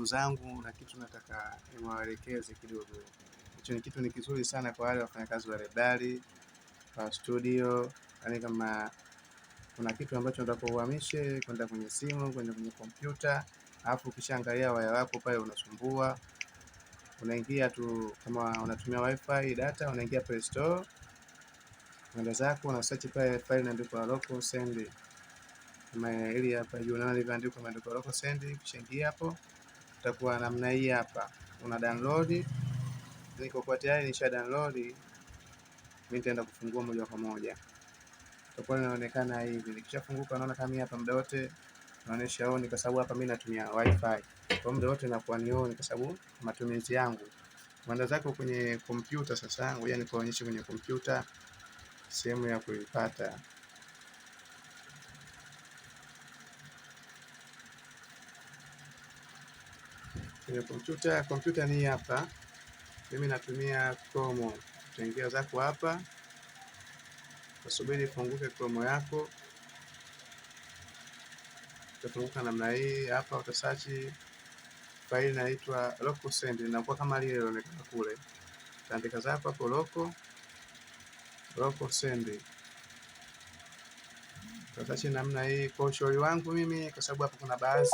ndugu zangu na kitu nataka niwaelekeze kidogo. Hicho ni kitu ni kizuri sana kwa wale wafanyakazi wa redali wa studio, yani kama kuna kitu ambacho nataka uhamishe kwenda kwenye simu kwenda kwenye kompyuta, alafu ukishaangalia waya wako pale unasumbua, unaingia tu, kama unatumia wifi data, unaingia Play Store nenda zako na search pale pale inaandikwa local send, kama ile hapa juu naona ilivyoandikwa imeandikwa local send, Kisha ingia hapo itakuwa namna hii hapa, una download. Niko kwa tayari nisha download, mimi nitaenda kufungua moja kwa moja, itakuwa inaonekana hivi. Nikishafunguka naona kama hapa, muda wote naonesha on, kwa sababu hapa mimi natumia wifi, kwa muda wote nakuwa ni on, kwa sababu matumizi yangu manda zako kwenye kompyuta. Sasa ngoja nikuonyeshe kwenye kompyuta sehemu ya kuipata. kwenye kompyuta. Kompyuta ni hapa, mimi natumia Chrome. Utaingia zako hapa, utasubiri ifunguke Chrome yako, utafunguka namna hii hapa, utasachi faili inaitwa local send, inakuwa kama lile lilionekana kule. Utaandika zako hapo local local send utasachi namna hii. Kwa ushauri wangu mimi, kwa sababu hapo kuna baadhi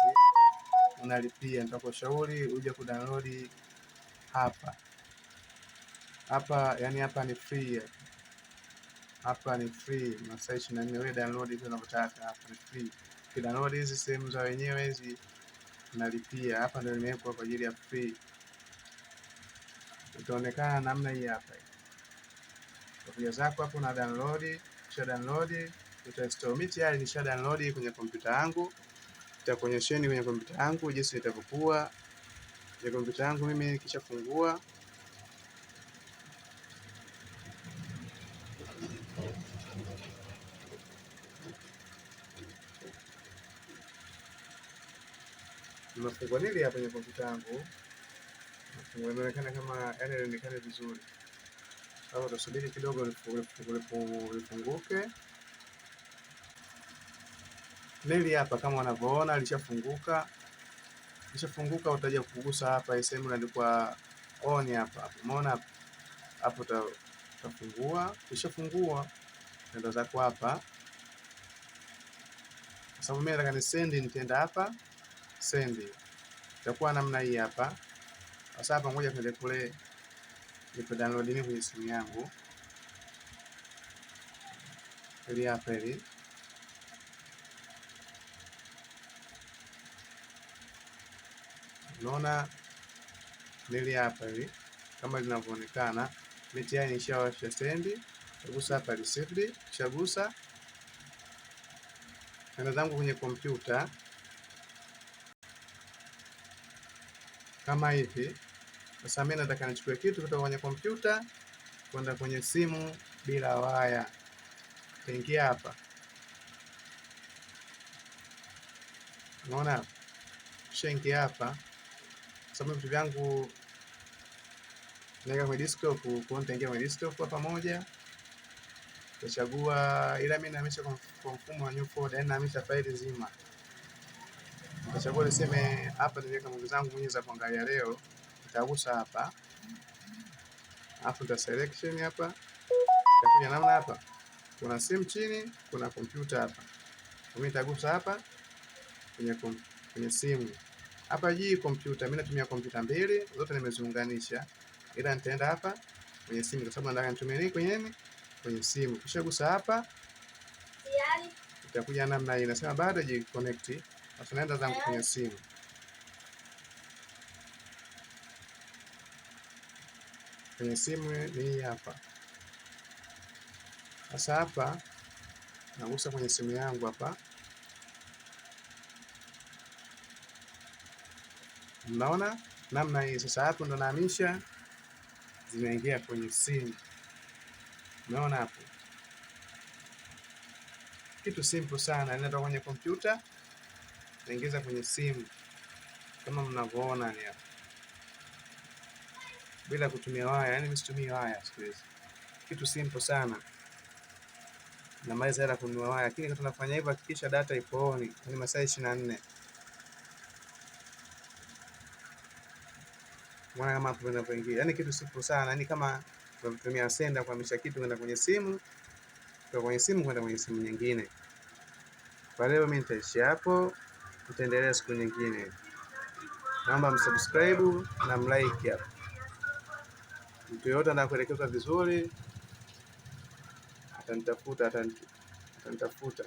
unalipia. Nitakushauri uje ku download hapa hapa, yani hapa ni free, hapa ni free masaa ishirini na nne. Wewe download hivi unavyotaka, hapa ni free. Ki download hizi sehemu za wenyewe hizi unalipia. Hapa ndio nimewekwa kwa ajili ya free, itaonekana namna hii hapa. Kofia zako hapo na download, kisha download uta install. Mimi yaani tayari nisha download kwenye kompyuta yangu nitakuonyesheni kwenye kompyuta yangu jinsi itavyokuwa. Kwenye kompyuta yangu mimi nikishafungua nimefungua nili hapa kwenye kompyuta yangu, imeonekana kama yani ilionekana vizuri. Sasa tusubiri kidogo lifunguke. Neli hapa kama wanavyoona lishafunguka, lishafunguka. Utaja kugusa hapa sehemu inaandikwa on hapa, umeona hapo, utafungua. Ukishafungua nenda zako hapa, kwa sababu mimi nataka ni send, nitaenda hapa send, itakuwa namna hii hapa. Sasa hapa, ngoja tuende kule nipe download mimi kwenye simu yangu, ili hapa ili Tunaona lili hapa hivi kama linavyoonekana, miti tayari nishawasha sendi Tagusa hapa risidi, kishagusa nenda zangu kwenye kompyuta kama hivi. Sasa mimi nataka nichukue kitu kutoka kwenye kompyuta kwenda kwenye simu bila waya. Taingia hapa, unaona, kishaingia hapa sababu vitu vyangu naweka kwenye desktop, kuona nitaingia kwenye desktop kwa pamoja, nitachagua, ila mimi nahamisha kwa mfumo wa new folder, yani nahamisha faili nzima. Nitachagua niseme hapa niweka movie zangu mwenyewe za kuangalia leo, nitagusa hapa, alafu nita selection hapa, Nitakuja namna hapa, kuna simu chini, kuna kompyuta hapa, mimi nitagusa hapa kwenye kwenye simu hapa hii kompyuta, mimi natumia kompyuta mbili zote nimeziunganisha, ila nitaenda hapa kwenye simu kwa sababu nataka nitumie nini kwenye nini kwenye simu. Kishagusa hapa tayari itakuja namna hii, nasema bado jiconnect, basi naenda zangu kwenye simu. Kwenye simu ni hii hapa. Sasa hapa nagusa kwenye simu yangu hapa. Mnaona namna hii sasa. Hapo ndo naamisha zinaingia kwenye simu. Mnaona hapo, kitu simple sana. Inatoka yaani kwenye kompyuta naingiza kwenye simu kama mnavyoona ni hapo, bila kutumia waya. Yani msitumie waya siku hizi, kitu simple sana. na Namaliza hela kununua waya, lakini tunafanya hivyo, hakikisha data ipooni on yaani masaa ishirini na nne. mwana kama hapo inapoingia, yaani kitu sipo sana, yaani kama tunavyotumia senda kuhamisha kitu kwenda kwenye simu kwa kwenye simu kwenda kwenye simu nyingine. Kwa leo mimi nitaishia hapo, tutaendelea siku nyingine. Naomba msubscribe na mlike hapo. Mtu yote anakuelekeza vizuri, atanitafuta atanitafuta.